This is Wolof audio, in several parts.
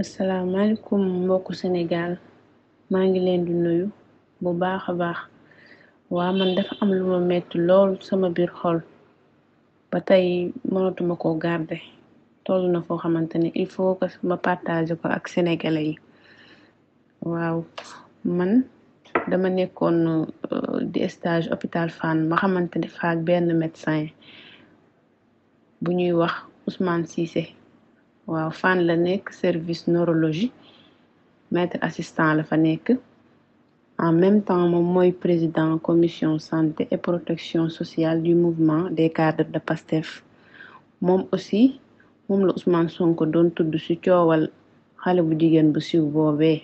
asalaamaaleykum mbokku Sénégal maa ngi leen di nuyu bu baax a baax wa man dafa am luma metti lool sama biir xool ba tey mënatuma ko garder toll na foo xamante ne il faut que ma partager ko ak sénégalais yi waaw man dama nekkoon euh, di stage hôpital Fann ma xamante ne benn médecin bu ñuy wax Ousmane Cissé. waaw fan la nekk service neurologie maître assistant la fa nekk en même temps moom mooy président commission santé et protection sociale du mouvement des cadres de PASTEF moom aussi moom la Ousmane Sonko doon tudd ci coowal xale bu jigéen bu siiw boobee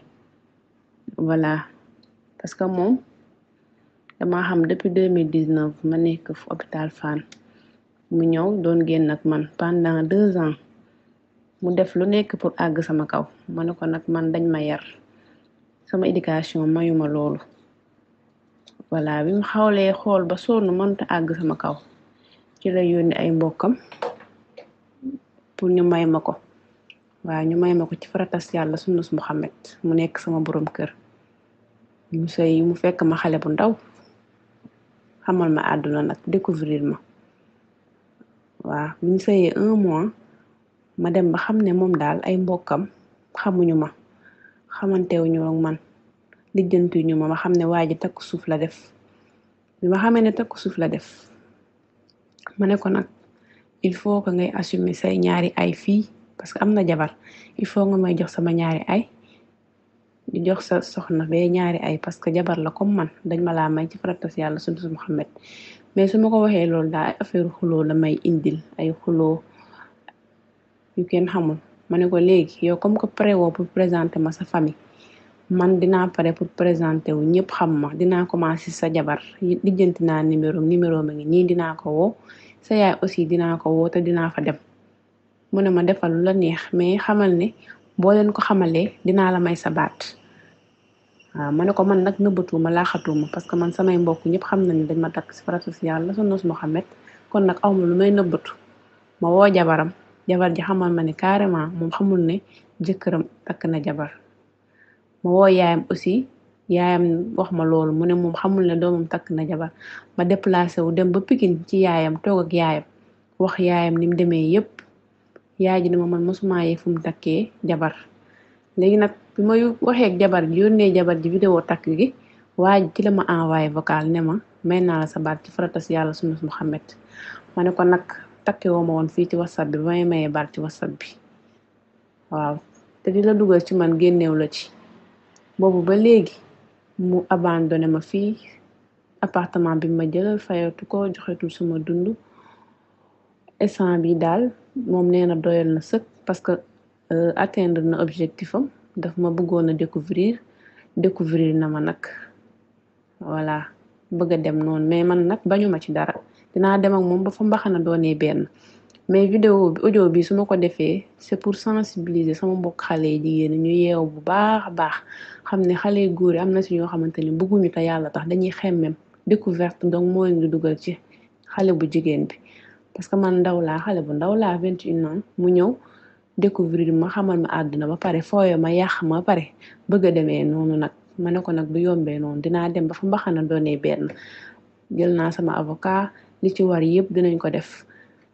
voilà parce que moom dama xam depuis deux mille dix neuf ma nekk hôpital Fann mu ñëw doon génn nag man pendant deux ans mu def lu nekk pour àgg sama kaw ma ne ko nag man dañ ma yar sama éducation mayuma loolu wala bi mu xawlee xool ba sonn mënta àgg sama kaw ci lay yónni ay mbokkam pour ñu may ma ko waaw ñu may ma ko ci faratas yàlla sunnus Muhammad mu nekk sama borom kër mu sëy mu fekk ma xale bu ndaw xamal ma àdduna nag découvrir ma waaw bi ñu sëyee un mois ma dem ba xam ne moom daal ay mbokkam xamuñu ma xamantewuñu ak man lijjantuñu ma ma xam ne waa ji takku suuf la def bi ma xamee ne takku suuf la def ma ne ko nag il faut que ngay assumer say ñaari ay fii parce que am na jabar il faut nga may jox sama ñaari ay di jox sa soxna bee ñaari ay parce que jabar la kom man dañ ma laa may ci faratas yàlla sunu su Muhammad mais su ma ko waxee loolu daal affaire xuloo la may indil ay xuloo yu kenn xamul ma ne ko léegi yow comme que pré woo pour ma sa famille man dinaa pare pour présenté wu ñëpp xam ma dinaa commencé sa jabar lijjanti naa numéro numéro ma ngi nii dinaa ko wo sa yaay aussi dinaa ko woo te dinaa fa dem mu ne ma defal la neex mais xamal ne boo leen ko xamalee dinaa la may sa baat waaw ma ne ko man nag nëbbatuuma laaxatuuma parce que man samay mbokk ñëpp xam na nañ dañ ma takk ci faratu si yàlla sunnas Muhammad kon nag awma lu may nëbbatu jabar ji xamal ma ne carrément moom xamul ne jëkkëram takk na jabar ma woo yaayam aussi yaayam wax ma loolu mu ne moom xamul ne doomam takk na jabar ma déplacé wu dem ba Pikine ci yaayam toog yaayam wax yaayam ni demee yëpp yaay ji dama man mosuma yee fu mu takkee jabar léegi nag bi ma waxee jabar ji yónnee jabar ji vidéo takk gi waa ji ci la ma envoyé vocal ne ma may naa la sa baat ci faratas yàlla sunu Muhammad ma ne ko nag takki woo ma woon fii ci whatsapp bi ba may mayee baat ci whatsapp bi waaw te di la dugal ci man génnew la ci boobu ba léegi mu abandonné ma fii apartement bi ma jëlal fayatu ko joxetul suma dund essence bi daal moom nee na doyal na sëkk parce que euh, atteindre na objectif am daf ma bëggoon a découvrir découvrir na ma nag voilà bëgg a dem noonu mais man nag bañuma ci dara dinaa dem ak moom ba fa mbaxana doonee benn mais vidéo bi audio bi su ma ko defee c'est pour sensibiliser sama mbokk xale jigéen ñu yeew bu baax a baax xam ne xale góor yi am na si ñoo xamante ni bëgguñu te yàlla tax dañuy xemmem découverte donc moo leen di dugal ci xale bu jigéen bi parce que man ndaw laa xale bu ndaw laa vingt et un ans mu ñëw découvrir ma xamal ma àdduna ba pare fooyo ma yàq ma pare bëgg a demee noonu nag ma ne ko nag bu yombee noonu dinaa dem ba fa mbaxana doonee benn jël naa sama avocat li ci war yëpp dinañ ko def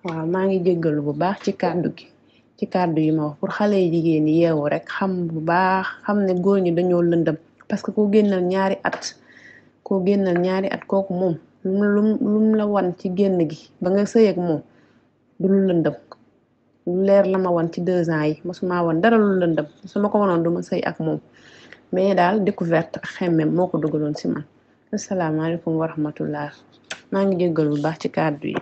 waaw maa ngi jéggalu bu baax ci kàddu gi ci kàddu yi ma wax pour xale yi jigéen yi yeewu rek xam bu baax xam ne góor ñi dañoo lëndëm parce que koo génnal ñaari at koo génnal ñaari at kooku moom lum la wan ci génn gi ba nga sëy ak moom du lu lëndëm leer la ma wan ci deux ans yi mosuma wan dara lu lëndëm su ma ko wanoon du ma sëy ak moom mais daal découverte ak xemmem moo ko dugaloon si man asalaamaaleykum wa rahmatullah maa ngi jéggalu bu baax ci kàddu yi